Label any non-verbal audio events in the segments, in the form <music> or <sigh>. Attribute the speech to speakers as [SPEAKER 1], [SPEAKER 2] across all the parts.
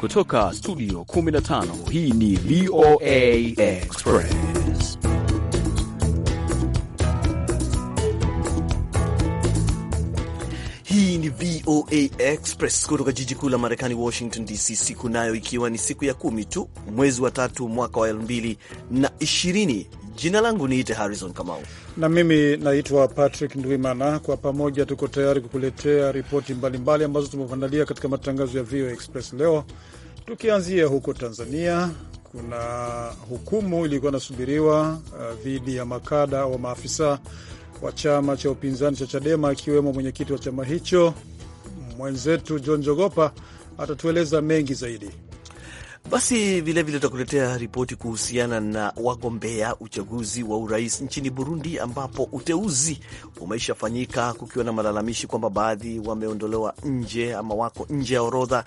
[SPEAKER 1] Kutoka studio 15 hii ni VOA Express. Hii ni VOA Express kutoka jiji kuu la Marekani, Washington DC, siku nayo ikiwa ni siku ya kumi tu mwezi wa tatu mwaka wa elfu mbili na ishirini Jina langu niite Harrison Kamau
[SPEAKER 2] na mimi naitwa Patrick Ndwimana. Kwa pamoja tuko tayari kukuletea ripoti mbalimbali ambazo tumekuandalia katika matangazo ya VOA Express leo, tukianzia huko Tanzania. Kuna hukumu iliyokuwa inasubiriwa uh, dhidi uh, ya makada wa maafisa wa chama cha upinzani cha Chadema akiwemo mwenyekiti wa chama hicho mwenzetu John Jogopa atatueleza mengi zaidi.
[SPEAKER 1] Basi vilevile tutakuletea ripoti kuhusiana na wagombea uchaguzi wa urais nchini Burundi, ambapo uteuzi umeshafanyika kukiwa na malalamishi kwamba baadhi wameondolewa nje ama wako nje ya orodha,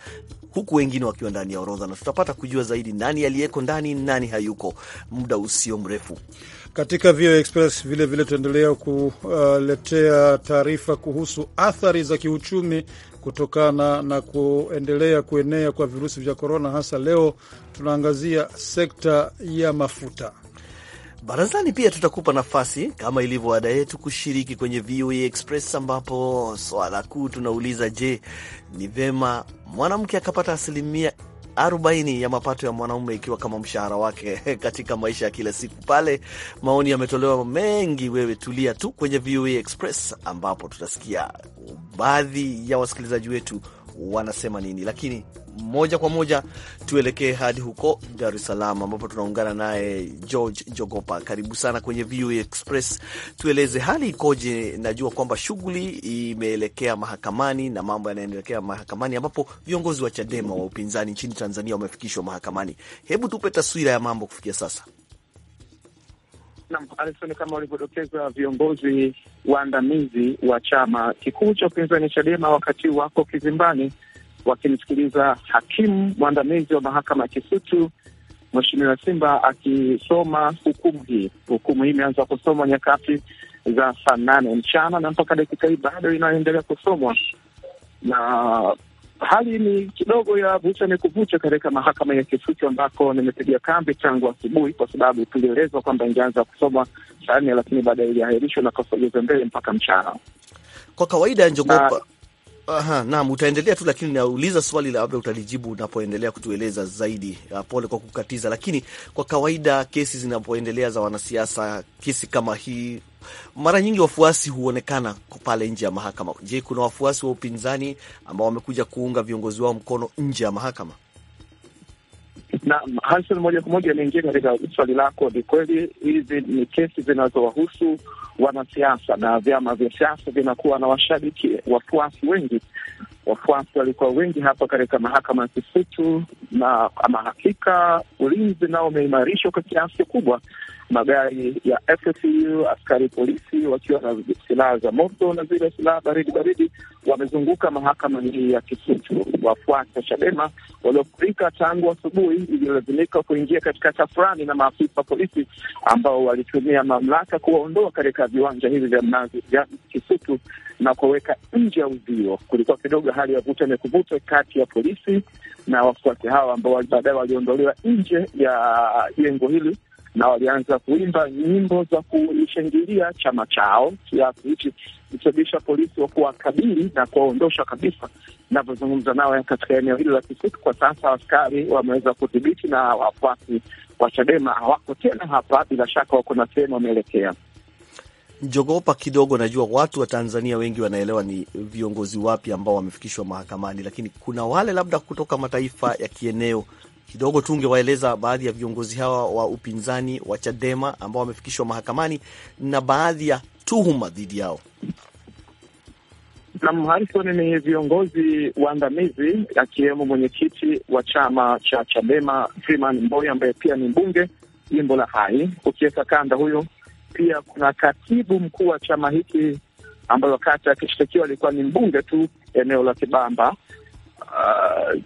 [SPEAKER 1] huku wengine wakiwa ndani ya orodha, na tutapata kujua zaidi nani aliyeko ndani, nani hayuko, muda usio mrefu
[SPEAKER 2] katika VOA Express. Vilevile tutaendelea kuletea taarifa kuhusu athari za kiuchumi kutokana na kuendelea kuenea kwa virusi vya korona. Hasa leo tunaangazia sekta ya mafuta.
[SPEAKER 1] Barazani pia tutakupa nafasi kama ilivyo ada yetu kushiriki kwenye VOA Express, ambapo swala kuu tunauliza, je, ni vema mwanamke akapata asilimia arobaini ya mapato ya mwanaume ikiwa kama mshahara wake <laughs> katika maisha ya kila siku. Pale maoni yametolewa mengi, wewe tulia tu kwenye VOA e Express ambapo tutasikia baadhi ya wasikilizaji wetu wanasema nini. Lakini moja kwa moja tuelekee hadi huko Dar es Salaam ambapo tunaungana naye George Jogopa. Karibu sana kwenye VOA e Express, tueleze hali ikoje? Najua kwamba shughuli imeelekea mahakamani na mambo yanaendelekea mahakamani, ambapo viongozi wa Chadema wa upinzani nchini Tanzania wamefikishwa mahakamani. Hebu tupe taswira ya mambo kufikia sasa.
[SPEAKER 3] Naam, Alison, kama walivyodokeza viongozi waandamizi wa chama kikuu cha upinzani Chadema wakati wako kizimbani wakimsikiliza hakimu mwandamizi wa mahakama ya Kisutu Mheshimiwa Simba akisoma hukumu hii. Hukumu hii imeanza kusomwa nyakati za saa nane mchana na mpaka dakika hii bado inaendelea kusomwa na hali ni kidogo ya vuta ni kuvuta katika mahakama ya Kisutu ambako nimepiga kambi tangu asubuhi, kwa sababu tulielezwa kwamba ingeanza kusoma saa nne, lakini baadaye iliahirishwa na kusogezwa mbele mpaka mchana.
[SPEAKER 1] Kwa kawaida njogopa Aha, naam, utaendelea tu, lakini nauliza swali la labda utalijibu unapoendelea kutueleza zaidi. Ah, pole kwa kukatiza, lakini kwa kawaida kesi zinapoendelea za wanasiasa, kesi kama hii, mara nyingi wafuasi huonekana pale nje ya mahakama. Je, kuna wafuasi wa upinzani ambao wamekuja kuunga viongozi wao mkono nje ya mahakama?
[SPEAKER 3] Na Hanson, moja kwa moja niingie katika swali lako. Ni kweli hizi ni kesi zinazowahusu wanasiasa na vyama vya siasa vinakuwa na washabiki, wafuasi wengi. Wafuasi walikuwa wengi hapa katika mahakama ya Kisutu, na ama hakika ulinzi nao umeimarishwa kwa kiasi kikubwa magari ya FSU, askari polisi wakiwa na silaha za moto na zile silaha baridi baridi, wamezunguka mahakama hii ya Kisutu. Wafuata Chadema waliofurika tangu asubuhi ililazimika kuingia katika tafurani na maafisa polisi ambao walitumia mamlaka kuwaondoa katika viwanja hivi vya Mnazi vya Kisutu na kuwaweka nje ya uzio. Kulikuwa kidogo hali ya vuta nikuvute kati ya polisi na wafuasi hawa ambao baadaye waliondolewa nje ya jengo hili na walianza kuimba nyimbo za kuishangilia chama chao siasa hichi, kusababisha polisi wa kuwakabili na kuwaondosha kabisa. Navyozungumza nawe katika eneo hili la Kisutu, kwa sasa askari wameweza kudhibiti na wafuasi wa Chadema hawako tena hapa, bila shaka wako na sehemu wameelekea
[SPEAKER 1] njogopa kidogo. Najua watu wa Tanzania wengi wanaelewa ni viongozi wapya ambao wamefikishwa mahakamani, lakini kuna wale labda kutoka mataifa ya kieneo kidogo tu ungewaeleza baadhi ya viongozi hawa wa upinzani wa Chadema ambao wamefikishwa mahakamani na baadhi ya tuhuma dhidi yao.
[SPEAKER 3] Nam Harison ni viongozi waandamizi akiwemo mwenyekiti wa chama cha Chadema Freeman Mboy ambaye pia ni mbunge jimbo la Hai ukiweka kanda huyo. Pia kuna katibu mkuu wa chama hiki ambayo wakati akishtakiwa alikuwa ni mbunge tu eneo la Kibamba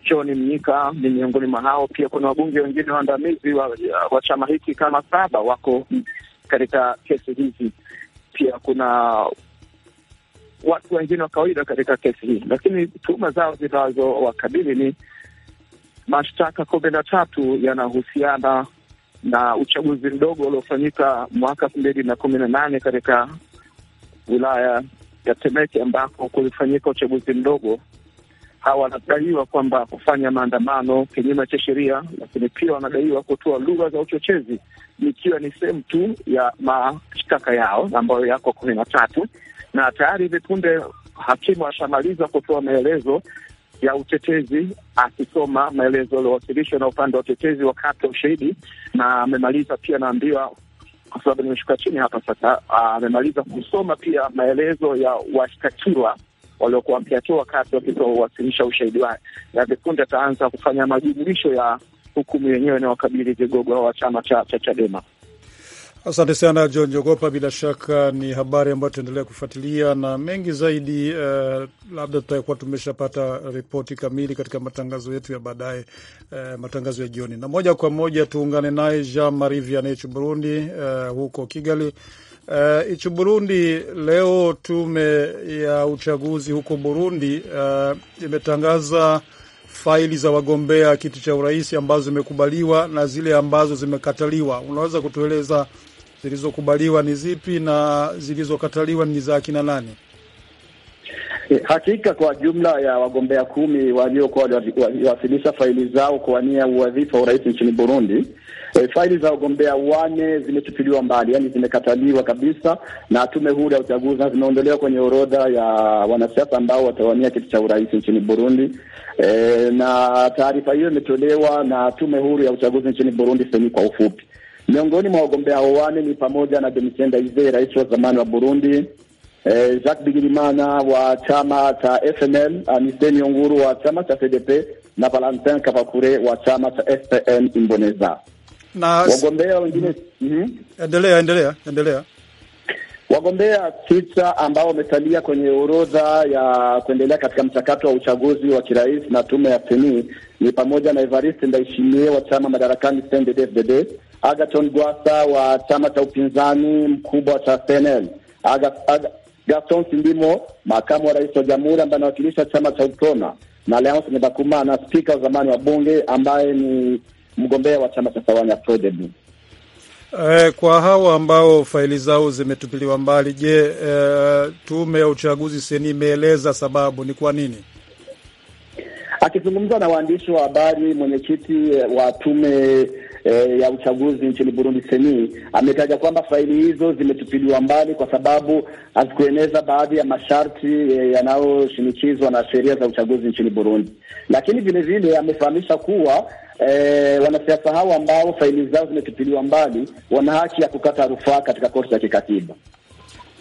[SPEAKER 3] Choni uh, Mnyika ni miongoni mwa hao. Pia kuna wabunge wengine waandamizi wa, wa chama hiki kama saba wako katika kesi hizi. Pia kuna watu wengine wa kawaida katika kesi hii, lakini tuhuma zao zinazowakabili ni mashtaka kumi na tatu yanahusiana na uchaguzi mdogo uliofanyika mwaka elfu mbili na kumi na nane katika wilaya ya Temeke ambako kulifanyika uchaguzi mdogo wanadaiwa kwamba kufanya maandamano kinyume cha sheria, lakini pia wanadaiwa kutoa lugha za uchochezi, ikiwa ni sehemu tu ya mashtaka yao ambayo yako kumi na tatu na tayari hivi punde hakimu ashamaliza kutoa maelezo ya utetezi akisoma maelezo yaliyowasilishwa na upande wa utetezi wakati wa ushahidi, na amemaliza pia, anaambiwa kwa sababu nimeshuka chini hapa sasa, amemaliza kusoma pia maelezo ya washtakiwa waliokuwa wakiatoa wakati wakipowasilisha ushahidi wake, na vikundi ataanza kufanya majumulisho ya hukumu yenyewe inayowakabili vigogo wa chama cha Chadema.
[SPEAKER 2] Asante sana John Jogopa, bila shaka ni habari ambayo tutaendelea kufuatilia na mengi zaidi. Uh, labda tutakuwa tumeshapata ripoti kamili katika matangazo yetu ya baadaye, uh, matangazo ya jioni. Na moja kwa moja tuungane naye Jean Marie Vianney Burundi, uh, eh, huko Kigali Uh, ichu Burundi leo tume ya uchaguzi huko Burundi uh, imetangaza faili za wagombea kiti cha urais ambazo zimekubaliwa na zile ambazo zimekataliwa. Unaweza kutueleza zilizokubaliwa ni zipi na zilizokataliwa ni za akina nani?
[SPEAKER 4] Eh, hakika kwa jumla ya wagombea kumi waliokuwa waliwasilisha faili zao kuwania uwadhifa wa urais nchini Burundi E, faili za wagombea wane zimetupiliwa mbali, yani zimekataliwa kabisa na tume huru ya uchaguzi na zimeondolewa kwenye orodha ya wanasiasa ambao watawania kiti cha urais nchini Burundi. E, na taarifa hiyo imetolewa na tume huru ya uchaguzi nchini Burundi seni kwa ufupi. Miongoni mwa wagombea hao wane ni pamoja na Demisenda Ize, rais wa zamani wa Burundi, e, Jacques Bigirimana wa chama cha FNL, Aniseni Onguru wa chama cha CDP na Valentin Kabakure wa chama cha SPN Imboneza na wagombea wengine mm-hmm. Endelea, endelea, endelea. Wagombea sita ambao wamesalia kwenye orodha ya kuendelea katika mchakato wa uchaguzi wa kirais na tume ya seni ni pamoja na Evariste Ndayishimiye wa chama madarakani CNDD-FDD, Agaton Gwasa wa chama cha upinzani mkubwa cha CNL, Gaston Sindimo makamu wa rais wa jamhuri ambaye anawakilisha chama cha UPRONA na Leonce na spika wa zamani wa bunge ambaye ni mgombea wa chama cha Tawanya Project.
[SPEAKER 2] Eh, kwa hawa ambao faili zao zimetupiliwa mbali, je, eh, tume ya uchaguzi seni imeeleza sababu ni kwa nini?
[SPEAKER 4] Akizungumza na waandishi wa habari, mwenyekiti wa tume eh, ya uchaguzi nchini Burundi seni ametaja kwamba faili hizo zimetupiliwa mbali kwa sababu hazikueneza baadhi ya masharti eh, yanayoshinikizwa na sheria za uchaguzi nchini Burundi. Lakini vile vile amefahamisha kuwa eh, wanasiasa hao ambao faili zao zimetupiliwa mbali wana haki ya kukata rufaa katika korti ya kikatiba.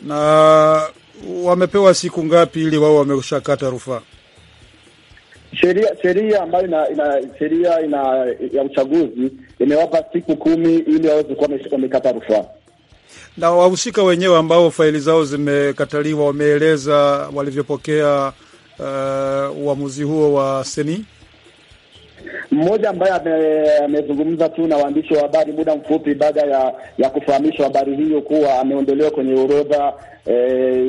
[SPEAKER 2] Na wamepewa siku ngapi ili wao wameshakata rufaa?
[SPEAKER 4] Sheria sheria ambayo ina, ina sheria ina ya uchaguzi imewapa siku kumi ili waweze kuwa wamekata rufaa.
[SPEAKER 2] Na wahusika wenyewe ambao faili zao zimekataliwa wameeleza walivyopokea uh, uamuzi huo wa seni.
[SPEAKER 4] Mmoja ambaye amezungumza tu na waandishi wa habari muda mfupi baada ya ya kufahamishwa habari hiyo kuwa ameondolewa kwenye orodha e,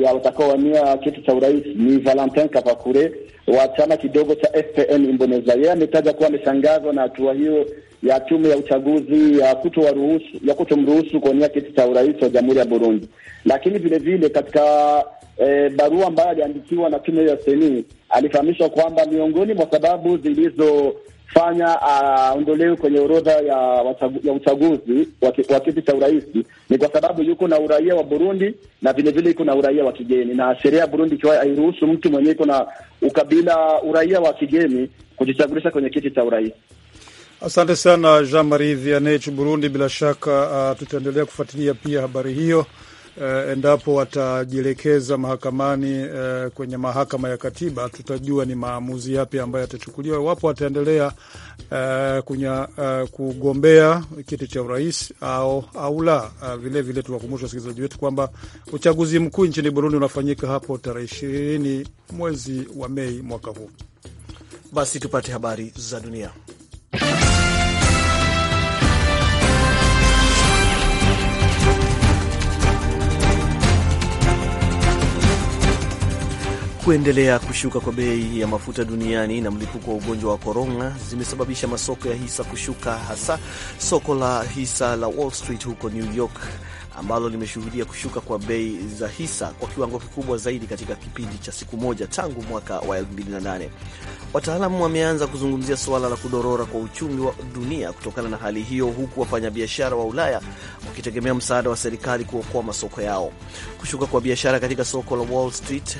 [SPEAKER 4] ya watakaowania kiti cha urais ni Valentin Kapakure wa chama kidogo cha FPN Imboneza. Yeye ametaja kuwa ameshangazwa na hatua hiyo ya tume ya uchaguzi ya kutowaruhusu ya kutomruhusu kuwania kiti cha urais wa Jamhuri ya Burundi, lakini vile vile katika e, barua ambayo aliandikiwa na tume ya seni alifahamishwa kwamba miongoni mwa sababu zilizofanya aondolewe kwenye orodha ya, ya uchaguzi wa kiti cha urais ni kwa sababu yuko na uraia wa Burundi na vile vile yuko na uraia wa kigeni, na sheria ya Burundi ikiwa hairuhusu mtu mwenye yuko na ukabila uraia wa kigeni kujichagulisha kwenye kiti cha urais.
[SPEAKER 2] Asante sana Jean Marie Vianney, Burundi. Bila shaka uh, tutaendelea kufuatilia pia habari hiyo uh, endapo watajielekeza mahakamani uh, kwenye mahakama ya katiba, tutajua ni maamuzi yapi ambayo yatachukuliwa iwapo wataendelea uh, kunya, uh, kugombea kiti cha urais au, au la. Uh, vilevile tuwakumbusha wasikilizaji wetu kwamba uchaguzi mkuu nchini Burundi unafanyika hapo tarehe ishirini mwezi wa Mei mwaka huu. Basi tupate habari za dunia.
[SPEAKER 1] Kuendelea kushuka kwa bei ya mafuta duniani na mlipuko wa ugonjwa wa korona zimesababisha masoko ya hisa kushuka, hasa soko la hisa la Wall Street huko New York ambalo limeshuhudia kushuka kwa bei za hisa kwa kiwango kikubwa zaidi katika kipindi cha siku moja tangu mwaka wa 2008. Wataalamu wameanza kuzungumzia suala la kudorora kwa uchumi wa dunia kutokana na hali hiyo, huku wafanyabiashara wa Ulaya wakitegemea msaada wa serikali kuokoa masoko yao. Kushuka kwa biashara katika soko la Wall Street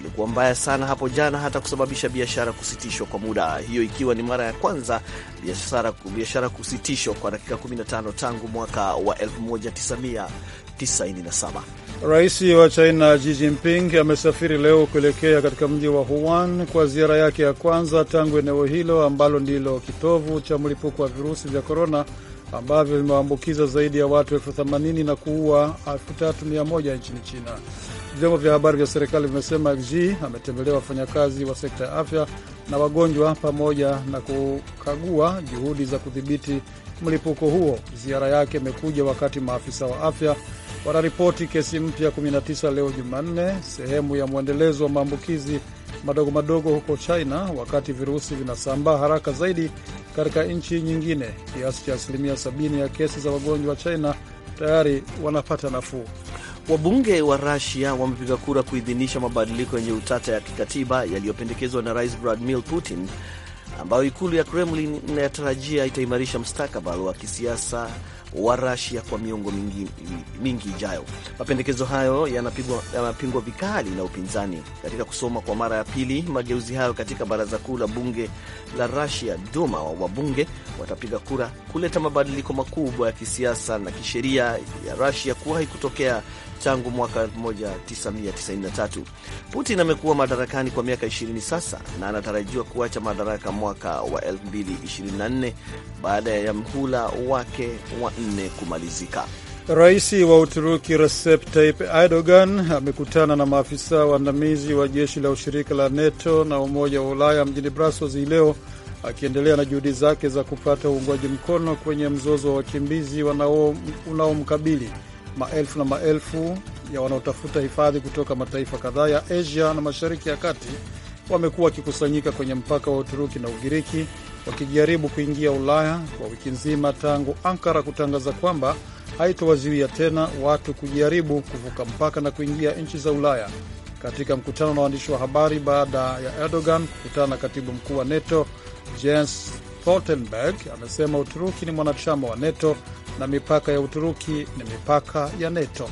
[SPEAKER 1] ilikuwa mbaya sana hapo jana, hata kusababisha biashara kusitishwa kwa muda, hiyo ikiwa ni mara ya kwanza biashara, biashara kusitishwa kwa dakika 15 tangu mwaka wa 1997.
[SPEAKER 2] Rais wa China Xi Jinping amesafiri leo kuelekea katika mji wa Wuhan kwa ziara yake ya kwanza tangu eneo hilo ambalo ndilo kitovu cha mlipuko wa virusi vya korona ambavyo vimewaambukiza zaidi ya watu elfu themanini na kuua elfu tatu mia moja nchini China. Vyombo vya habari vya serikali vimesema g ametembelea wafanyakazi wa sekta ya afya na wagonjwa pamoja na kukagua juhudi za kudhibiti mlipuko huo. Ziara yake imekuja wakati maafisa wa afya wanaripoti kesi mpya 19 leo Jumanne, sehemu ya mwendelezo wa maambukizi madogo madogo huko China, wakati virusi vinasambaa haraka zaidi katika nchi nyingine. Kiasi cha asilimia 70 ya kesi za wagonjwa wa China tayari wanapata nafuu.
[SPEAKER 1] Wabunge wa Rasia wamepiga kura kuidhinisha mabadiliko yenye utata ya kikatiba yaliyopendekezwa na Rais Vladimir Putin, ambayo ikulu ya Kremlin inayatarajia itaimarisha mustakabali wa kisiasa wa Rasia kwa miongo mingi, mingi ijayo. Mapendekezo hayo yanapingwa vikali na upinzani. Katika kusoma kwa mara ya pili mageuzi hayo katika baraza kuu la bunge la Rasia, Duma, wa wabunge watapiga kura kuleta mabadiliko makubwa ya kisiasa na kisheria ya Rasia kuwahi kutokea tangu mwaka 1993. Putin amekuwa madarakani kwa miaka 20 sasa na anatarajiwa kuacha madaraka mwaka wa 2024 baada ya mhula wake wa nne kumalizika.
[SPEAKER 2] Rais wa Uturuki Recep Tayyip Erdogan amekutana na maafisa waandamizi wa jeshi la ushirika la NATO na Umoja wa Ulaya mjini Brussels hii leo akiendelea na juhudi zake za kupata uungwaji mkono kwenye mzozo wa wakimbizi unaomkabili maelfu na maelfu ya wanaotafuta hifadhi kutoka mataifa kadhaa ya Asia na Mashariki ya Kati wamekuwa wakikusanyika kwenye mpaka wa Uturuki na Ugiriki wakijaribu kuingia Ulaya kwa wiki nzima tangu Ankara kutangaza kwamba haitowazuia tena watu kujaribu kuvuka mpaka na kuingia nchi za Ulaya. Katika mkutano na waandishi wa habari baada ya Erdogan kukutana na katibu mkuu wa NATO Jens Stoltenberg, amesema Uturuki ni mwanachama wa NATO na mipaka ya Uturuki ni mipaka ya NATO.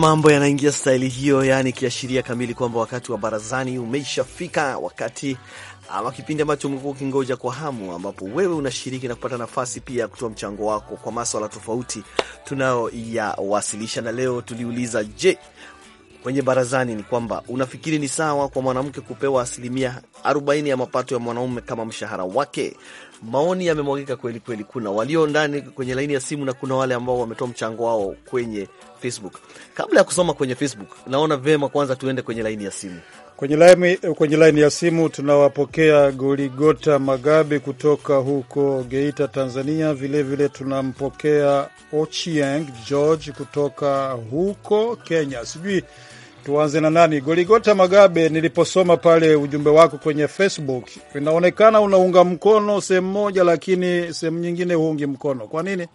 [SPEAKER 1] mambo yanaingia staili hiyo, yaani kiashiria kamili kwamba wakati wa barazani umeishafika, wakati ama kipindi ambacho umekuwa ukingoja kwa hamu, ambapo wewe unashiriki na kupata nafasi pia ya kutoa mchango wako kwa maswala tofauti tunayoyawasilisha. Na leo tuliuliza, je, kwenye barazani ni kwamba unafikiri ni sawa kwa mwanamke kupewa asilimia 40 ya mapato ya mwanaume kama mshahara wake? Maoni yamemwagika kweli kweli, kuna walio ndani kwenye laini ya simu na kuna wale ambao wametoa mchango wao kwenye Facebook. Kabla ya kusoma kwenye Facebook, naona vema kwanza tuende kwenye laini ya simu.
[SPEAKER 2] Kwenye laini, kwenye laini ya simu tunawapokea Goligota Magabe kutoka huko Geita, Tanzania. Vilevile vile tunampokea Ochieng George kutoka huko Kenya. Sijui tuanze na nani? Goligota Magabe, niliposoma pale ujumbe wako kwenye Facebook, inaonekana unaunga mkono sehemu moja, lakini sehemu nyingine huungi mkono. Kwa nini?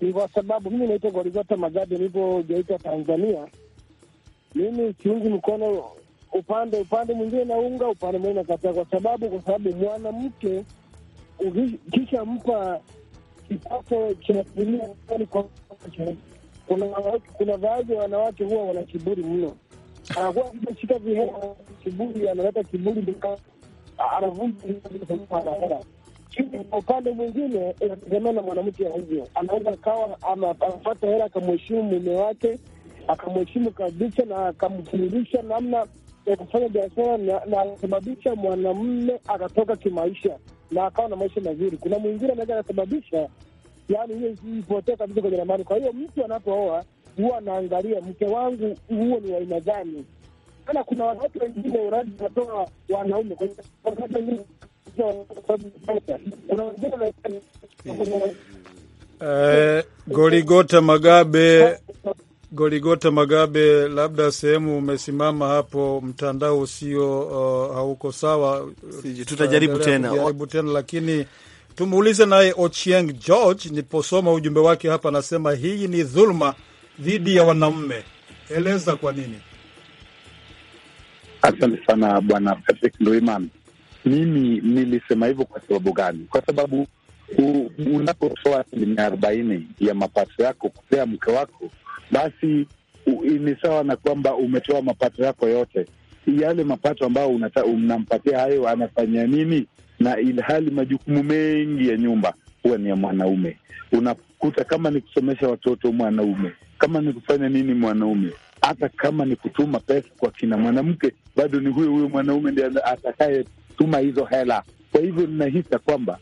[SPEAKER 3] Ni kwa sababu mimi naitwa Goligota Magabe, nipo Geita, Tanzania mimi siungi mkono upande upande mwingine naunga upande mwingine nakataa, kwa sababu kwa sababu mwanamke kisha mpa kipato cha kuna baadhi ya wanawake huwa wana kiburi mno, anakuwa akishika vihela kiburi, analeta kiburi, anavunja. upande mwingine inategemea na mwanamke, hivyo anaweza akawa anapata hela akamheshimu mume wake akamheshimu kabisa na akamfundisha namna ya kufanya biashara na akasababisha mwanamme akatoka kimaisha na akawa na maisha mazuri. Kuna mwingine anaweza akasababisha yani hiyo ipotea kabisa kwenye ramani. Kwa hiyo mtu anapooa huwa anaangalia mke wangu huo ni aina gani, maana kuna wanawake wengine uradi natoa wanaume
[SPEAKER 2] eh, Goligota Magabe eh, Goligota Magabe, labda sehemu umesimama hapo, mtandao usio uh, hauko sawa, tutajaribu tena jaribu tena lakini tumuulize naye Ochieng George. Niposoma ujumbe wake hapa, anasema hii ni dhuluma dhidi ya wanaume, eleza kwa nini.
[SPEAKER 5] Asante sana Bwana Patrick Nduiman. Mimi nilisema hivyo kwa sababu gani? Kwa sababu unapotoa asilimia arobaini ya mapato yako kupea mke wako basi ni sawa na kwamba umetoa mapato yako yote. Yale mapato ambayo unampatia hayo, anafanya nini? Na ilhali majukumu mengi ya nyumba huwa ni ya mwanaume. Unakuta kama ni kusomesha watoto mwanaume, kama ni kufanya nini mwanaume, hata kama ni kutuma pesa kwa kina mwanamke, bado ni huyo huyo mwanaume ndiye atakayetuma hizo hela. Kwa hivyo ninahisa kwamba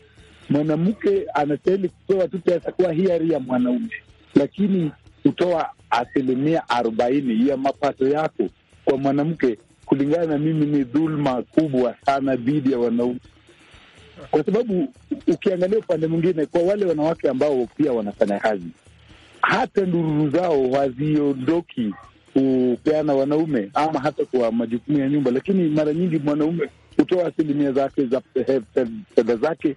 [SPEAKER 5] mwanamke anastahili kupewa tu pesa kwa hiari ya mwanaume, lakini kutoa asilimia arobaini ya mapato yako kwa mwanamke, kulingana na mimi, ni dhulma kubwa sana dhidi ya wanaume, kwa sababu ukiangalia upande mwingine, kwa wale wanawake ambao pia wanafanya kazi, hata ndururu zao haziondoki kupeana wanaume ama hata kwa majukumu ya nyumba, lakini mara nyingi mwanaume hutoa asilimia zake za fedha zake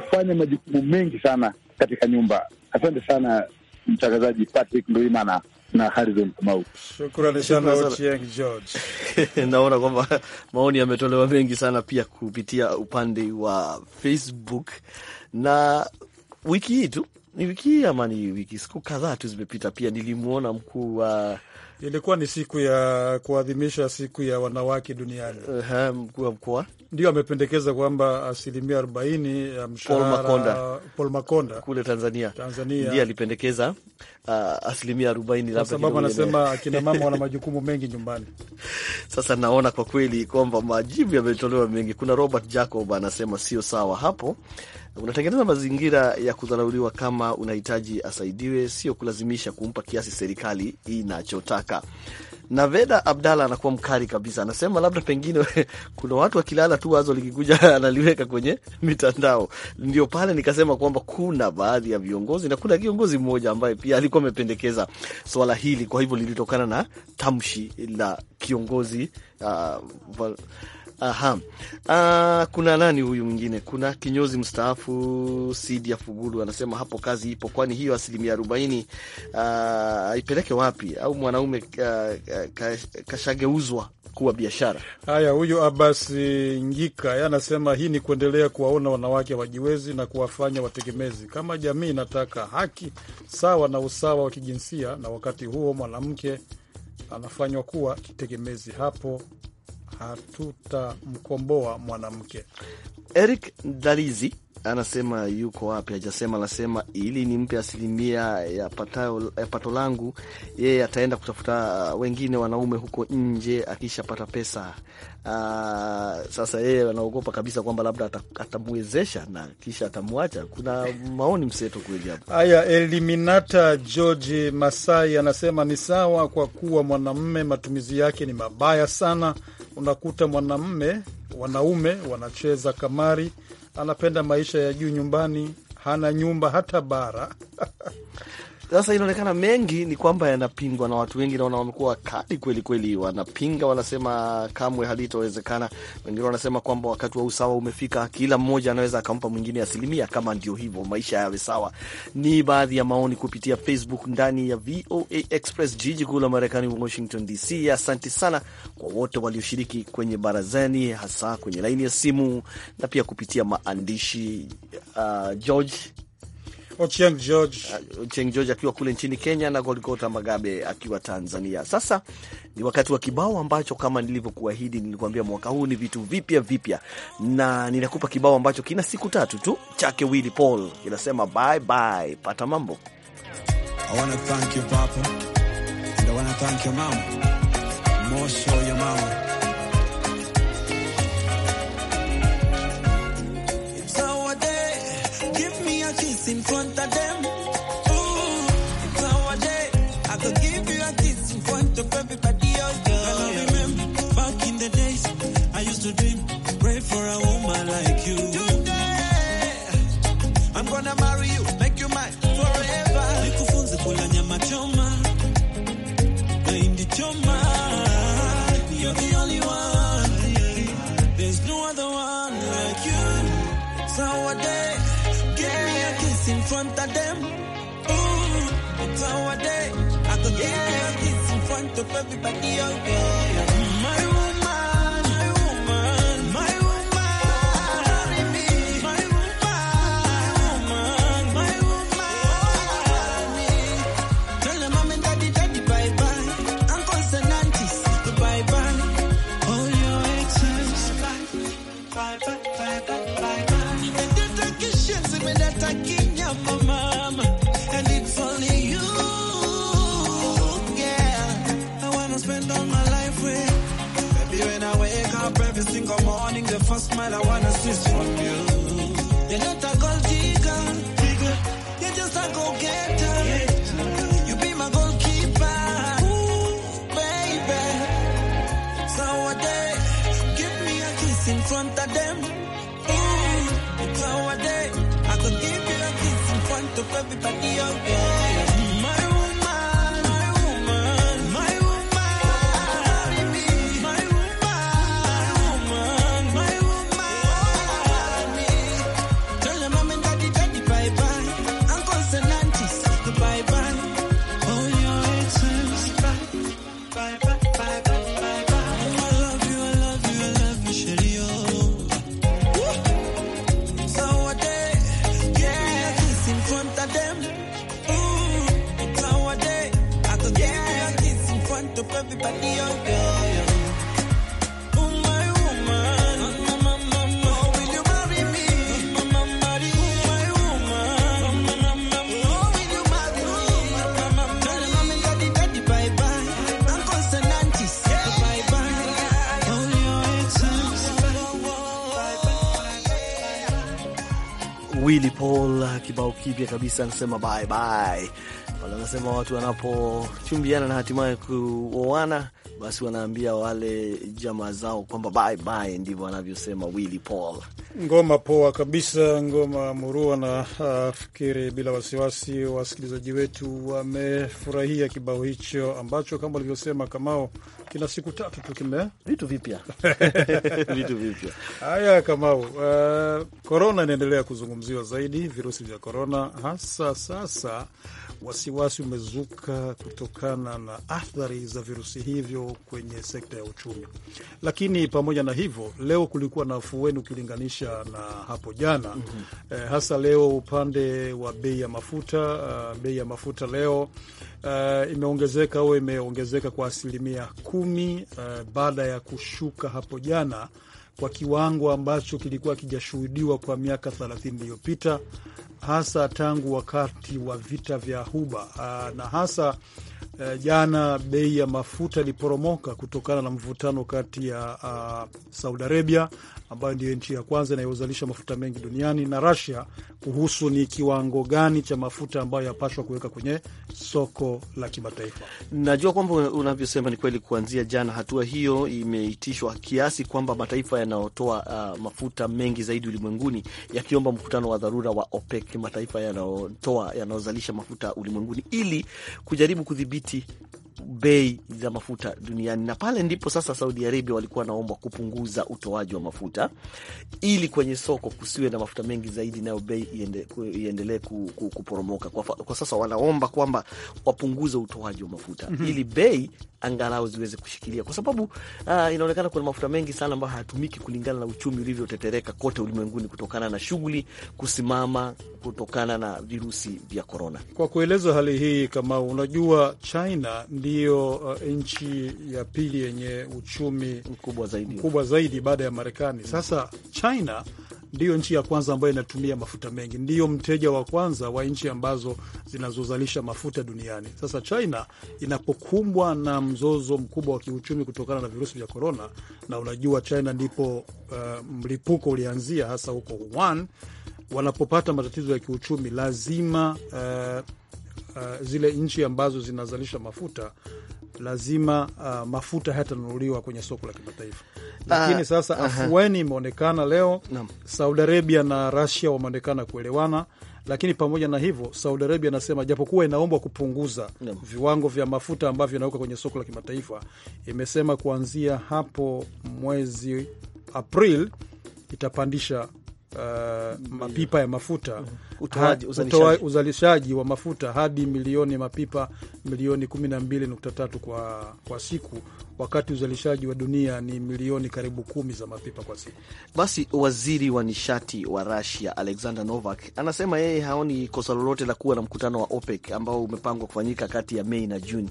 [SPEAKER 5] kufanya majukumu mengi sana katika nyumba. Asante sana mtangazaji Patrick Nduimana na Harrison Kamau.
[SPEAKER 1] Shukrani sana Ochieng George. <laughs> Naona kwamba maoni yametolewa mengi sana pia kupitia upande wa Facebook na wiki hii tu ni wiki hii ama ni wiki siku kadhaa tu zimepita, pia nilimwona mkuu wa uh, Ilikuwa ni
[SPEAKER 2] siku ya kuadhimisha siku ya wanawake duniani. Uh, mkuu wa mkoa ndio amependekeza kwamba asilimia arobaini ya mshahara Paul Makonda kule Tanzania,
[SPEAKER 1] Tanzania ndiye alipendekeza uh, asilimia arobaini, kwa sababu anasema akina mama wana
[SPEAKER 2] majukumu mengi nyumbani.
[SPEAKER 1] <laughs> Sasa naona kwa kweli kwamba majibu yametolewa mengi. Kuna Robert Jacob anasema sio sawa hapo unatengeneza mazingira ya kudharauliwa kama unahitaji asaidiwe, sio kulazimisha kumpa kiasi serikali inachotaka. naveda Veda Abdalla anakuwa mkali kabisa, anasema labda pengine <laughs> kuna watu wakilala tu wazo likikuja <laughs> analiweka kwenye mitandao. Ndio pale nikasema kwamba kuna baadhi ya viongozi na kuna kiongozi mmoja ambaye pia alikuwa amependekeza swala hili, kwa hivyo lilitokana na tamshi la kiongozi uh, Aha. Ah, kuna nani huyu mwingine? Kuna kinyozi mstaafu Sidi ya Fugulu anasema hapo kazi ipo, kwani hiyo asilimia arobaini ah, ipeleke wapi? Au mwanaume ah, kashageuzwa kuwa biashara?
[SPEAKER 2] Haya, huyu Abbas Ngika anasema hii ni kuendelea kuwaona wanawake wajiwezi na kuwafanya wategemezi. Kama jamii inataka haki sawa na usawa wa kijinsia, na wakati huo mwanamke anafanywa kuwa kitegemezi, hapo hatutamkomboa mwanamke.
[SPEAKER 1] Eric Dalizi anasema yuko wapi, hajasema. Anasema ili nimpe asilimia ya, ya pato langu, yeye ataenda kutafuta uh, wengine wanaume huko nje akishapata pesa. Aa, uh, sasa yeye anaogopa kabisa kwamba labda atamwezesha na kisha atamwacha. Kuna maoni mseto kweli hapo.
[SPEAKER 2] Haya, Eliminata George Masai anasema ni sawa, kwa kuwa mwanamme matumizi yake ni mabaya sana. Unakuta mwanamme wanaume wanacheza kamari anapenda maisha ya juu nyumbani, hana nyumba hata bara <laughs> Sasa inaonekana mengi ni kwamba yanapingwa
[SPEAKER 1] na watu wengi, naona wamekuwa wakali kweli kweli, wanapinga wanasema kamwe halitowezekana. Wengine wanasema kwamba wakati wa usawa umefika, kila mmoja anaweza akampa mwingine asilimia, kama ndio hivyo maisha yawe sawa. Ni baadhi ya maoni kupitia Facebook ndani ya VOA Express, jiji kuu la Marekani, Washington DC. Asante sana kwa wote walioshiriki kwenye barazani, hasa kwenye laini ya simu na pia kupitia maandishi. Uh, George Ochieng George, uh, Ochieng George akiwa kule nchini Kenya na Golgota Magabe akiwa Tanzania. Sasa ni wakati wa kibao ambacho kama nilivyokuahidi, nilikwambia mwaka huu ni vitu vipya vipya, na ninakupa kibao ambacho kina siku tatu tu chake Willy Paul kinasema bye bye.
[SPEAKER 6] Pata mambo I wanna thank you papa, and I wanna thank your mama. More show your mama. kiss in front of them. Ooh, it's how I day. I could give you a kiss in front of everybody. to everybody out there. smile, I wanna see from you. You're not a gold digger, digger. you're just a go getter. You be my goalkeeper, Ooh, baby. So day, give me a kiss in front of them. Ooh, so day, I could give you a kiss in front of everybody, okay.
[SPEAKER 1] kipya kabisa, anasema bye bye. Wale wanasema watu wanapochumbiana na hatimaye kuoana, basi wanaambia wale jamaa zao kwamba bye bye, ndivyo wanavyosema Willy Paul.
[SPEAKER 2] Ngoma poa kabisa, ngoma murua na ah, fikiri bila wasiwasi. Wasikilizaji wetu wamefurahia kibao hicho ambacho kama walivyosema Kamao, kila siku tatu tu kime <laughs> vitu vipya <laughs> vitu vipya haya Kamao. Korona ah, uh, inaendelea kuzungumziwa zaidi, virusi vya korona hasa sasa wasiwasi umezuka kutokana na athari za virusi hivyo kwenye sekta ya uchumi. Lakini pamoja na hivyo, leo kulikuwa na afueni ukilinganisha na hapo jana mm -hmm. Eh, hasa leo upande wa bei ya mafuta uh, bei ya mafuta leo uh, imeongezeka au imeongezeka kwa asilimia kumi uh, baada ya kushuka hapo jana kwa kiwango ambacho kilikuwa kijashuhudiwa kwa miaka 30 iliyopita, hasa tangu wakati wa vita vya Huba ah, na hasa Uh, jana bei ya mafuta iliporomoka kutokana na mvutano kati ya uh, Saudi Arabia ambayo ndiyo nchi ya kwanza inayozalisha mafuta mengi duniani na Russia kuhusu ni kiwango gani cha mafuta ambayo yapashwa kuweka kwenye soko la kimataifa.
[SPEAKER 1] Najua kwamba unavyosema ni kweli. Kuanzia jana, hatua hiyo imeitishwa kiasi kwamba mataifa yanayotoa uh, ah, mafuta mengi zaidi ulimwenguni yakiomba mkutano wa dharura wa OPEC, mataifa yanayotoa yanayozalisha mafuta ulimwenguni ili kujaribu kudhibiti See. bei za mafuta duniani, na pale ndipo sasa Saudi Arabia walikuwa wanaomba kupunguza utoaji wa mafuta ili kwenye soko kusiwe na mafuta mengi zaidi, nayo bei iendelee kuporomoka. Kwa, kwa sasa wanaomba kwamba wapunguze utoaji wa mafuta mm -hmm. ili bei angalau ziweze kushikilia, kwa sababu uh, inaonekana kuna mafuta mengi sana ambayo hayatumiki kulingana na uchumi ulivyotetereka kote ulimwenguni kutokana na shughuli kusimama kutokana na virusi vya korona.
[SPEAKER 2] Kwa kuelezwa hali hii, kama unajua China ndi ndiyo uh, nchi ya pili yenye uchumi mkubwa zaidi, mkubwa zaidi baada ya Marekani. Sasa China ndiyo nchi ya kwanza ambayo inatumia mafuta mengi, ndiyo mteja wa kwanza wa nchi ambazo zinazozalisha mafuta duniani. Sasa China inapokumbwa na mzozo mkubwa wa kiuchumi kutokana na virusi vya korona, na unajua China ndipo uh, mlipuko ulianzia hasa huko Wuhan, wanapopata matatizo ya kiuchumi lazima uh, uh, zile nchi ambazo zinazalisha mafuta lazima uh, mafuta hayatanunuliwa kwenye soko la kimataifa. Ah,
[SPEAKER 1] lakini sasa afueni
[SPEAKER 2] imeonekana leo no. Saudi Arabia na rasia wameonekana kuelewana lakini pamoja na hivyo Saudi Arabia inasema japokuwa inaombwa kupunguza no. viwango vya mafuta ambavyo inaweka kwenye soko la kimataifa, imesema kuanzia hapo mwezi april itapandisha uh, mapipa ya mafuta mm. utoaji, uzalishaji. uzalishaji wa mafuta hadi milioni mapipa milioni 12.3 kwa, kwa siku wakati uzalishaji wa dunia ni milioni karibu kumi za mapipa kwa siku. Basi
[SPEAKER 1] waziri wa nishati wa Russia Alexander Novak anasema yeye haoni kosa lolote la kuwa na mkutano wa OPEC ambao umepangwa kufanyika kati ya Mei na Juni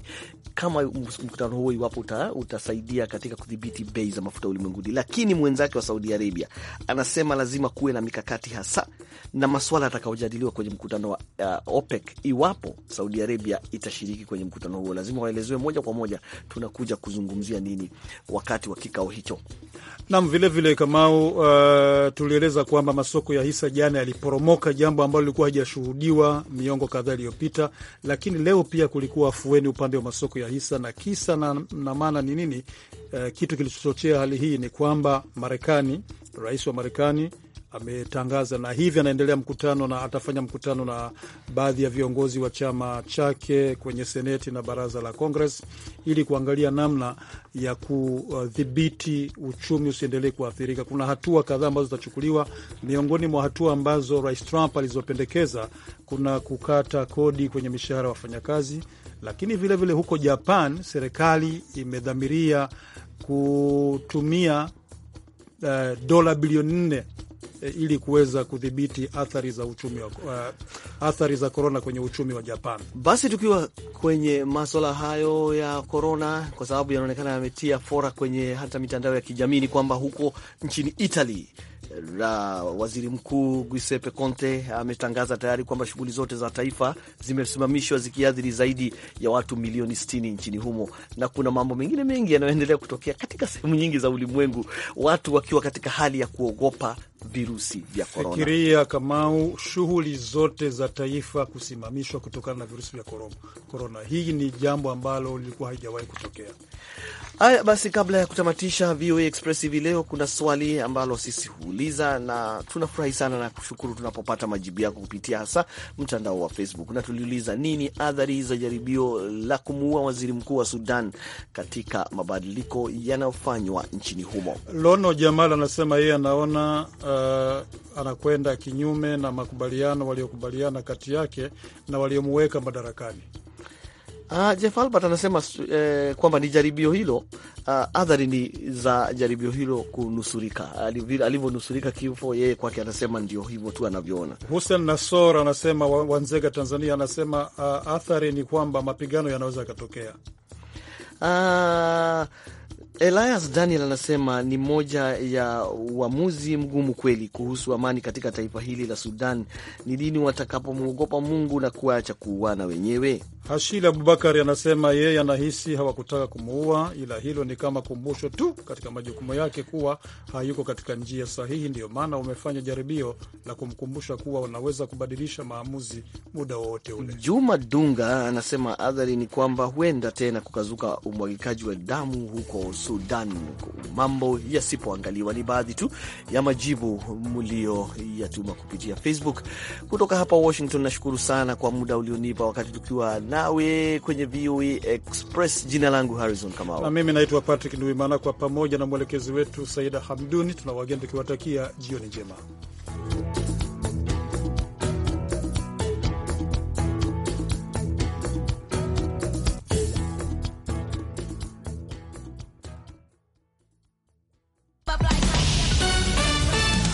[SPEAKER 1] kama mkutano huo iwapo uta, utasaidia katika kudhibiti bei za mafuta ulimwenguni. Lakini mwenzake wa Saudi Arabia anasema lazima kuwe na mikakati hasa na maswala yatakayojadiliwa kwenye mkutano wa uh, OPEC. Iwapo Saudi Arabia itashiriki kwenye mkutano huo, lazima waelezewe moja kwa moja, tunakuja kuzungumza walizungumzia nini wakati wa kikao hicho?
[SPEAKER 2] Nam vilevile Kamau, uh, tulieleza kwamba masoko ya hisa jana yaliporomoka, jambo ambalo lilikuwa hajashuhudiwa miongo kadhaa iliyopita, lakini leo pia kulikuwa afueni upande wa masoko ya hisa. Na kisa na, na maana ni nini? Uh, kitu kilichochochea hali hii ni kwamba Marekani, rais wa Marekani ametangaza na hivi anaendelea mkutano na atafanya mkutano na baadhi ya viongozi wa chama chake kwenye seneti na baraza la Congress ili kuangalia namna ya kudhibiti uchumi usiendelee kuathirika. Kuna hatua kadhaa ambazo zitachukuliwa. Miongoni mwa hatua ambazo Rais Trump alizopendekeza kuna kukata kodi kwenye mishahara ya wafanyakazi, lakini vilevile vile huko Japan serikali imedhamiria kutumia uh, dola bilioni nne ili kuweza kudhibiti athari za uchumi wa, uh, athari za korona kwenye uchumi wa Japan. Basi tukiwa kwenye maswala hayo ya korona, kwa sababu
[SPEAKER 1] yanaonekana yametia fora kwenye hata mitandao ya kijamii, ni kwamba huko nchini Italy la waziri mkuu Giuseppe Conte ametangaza tayari kwamba shughuli zote za taifa zimesimamishwa zikiathiri zaidi ya watu milioni s nchini humo, na kuna mambo mengine mengi yanayoendelea kutokea katika sehemu nyingi za ulimwengu, watu wakiwa katika hali ya kuogopa virusi vya korona.
[SPEAKER 2] Fikiria Kamau, shughuli zote za taifa kusimamishwa kutokana na virusi vya korona. Hii ni jambo ambalo lilikuwa haijawahi kutokea.
[SPEAKER 1] Haya basi, kabla ya kutamatisha VOA Express hivi leo, kuna swali ambalo sisi huuliza na tunafurahi sana na kushukuru tunapopata majibu yako kupitia hasa mtandao wa Facebook, na tuliuliza nini athari za jaribio la kumuua waziri mkuu wa Sudan katika mabadiliko yanayofanywa nchini humo.
[SPEAKER 2] Lono Jamal anasema yeye anaona uh, anakwenda kinyume na makubaliano waliokubaliana kati yake na waliomuweka madarakani.
[SPEAKER 1] Uh, Jeff Albert anasema eh, kwamba ni jaribio hilo uh, athari ni za jaribio hilo kunusurika, alivyonusurika kifo yeye kwake, anasema ndio hivyo tu anavyoona.
[SPEAKER 2] Hussein Nasor anasema Wanzega, Tanzania, anasema uh, athari ni kwamba mapigano yanaweza yakatokea.
[SPEAKER 3] uh,
[SPEAKER 1] Elias Daniel anasema ni moja ya uamuzi mgumu kweli kuhusu amani katika taifa hili la Sudan. Ni lini watakapomwogopa Mungu na kuacha kuuana wenyewe?
[SPEAKER 2] Hashil Abubakari anasema yeye anahisi hawakutaka kumuua, ila hilo ni kama kumbusho tu katika majukumu yake kuwa hayuko katika njia sahihi. Ndiyo maana wamefanya jaribio la kumkumbusha kuwa wanaweza kubadilisha maamuzi muda wowote ule.
[SPEAKER 1] Juma Dunga anasema adhari ni kwamba huenda tena kukazuka umwagikaji wa damu huko Sudan, mambo yasipoangaliwa. Ni baadhi tu ya majibu mlioyatuma kupitia Facebook. Kutoka hapa Washington, nashukuru sana kwa muda ulionipa wakati tukiwa na nawe kwenye VOA Express. Jina langu Harrison Kamau na
[SPEAKER 2] mimi naitwa Patrick Nduimana, kwa pamoja na mwelekezi wetu Saida Hamduni tuna tukiwatakia jioni njema.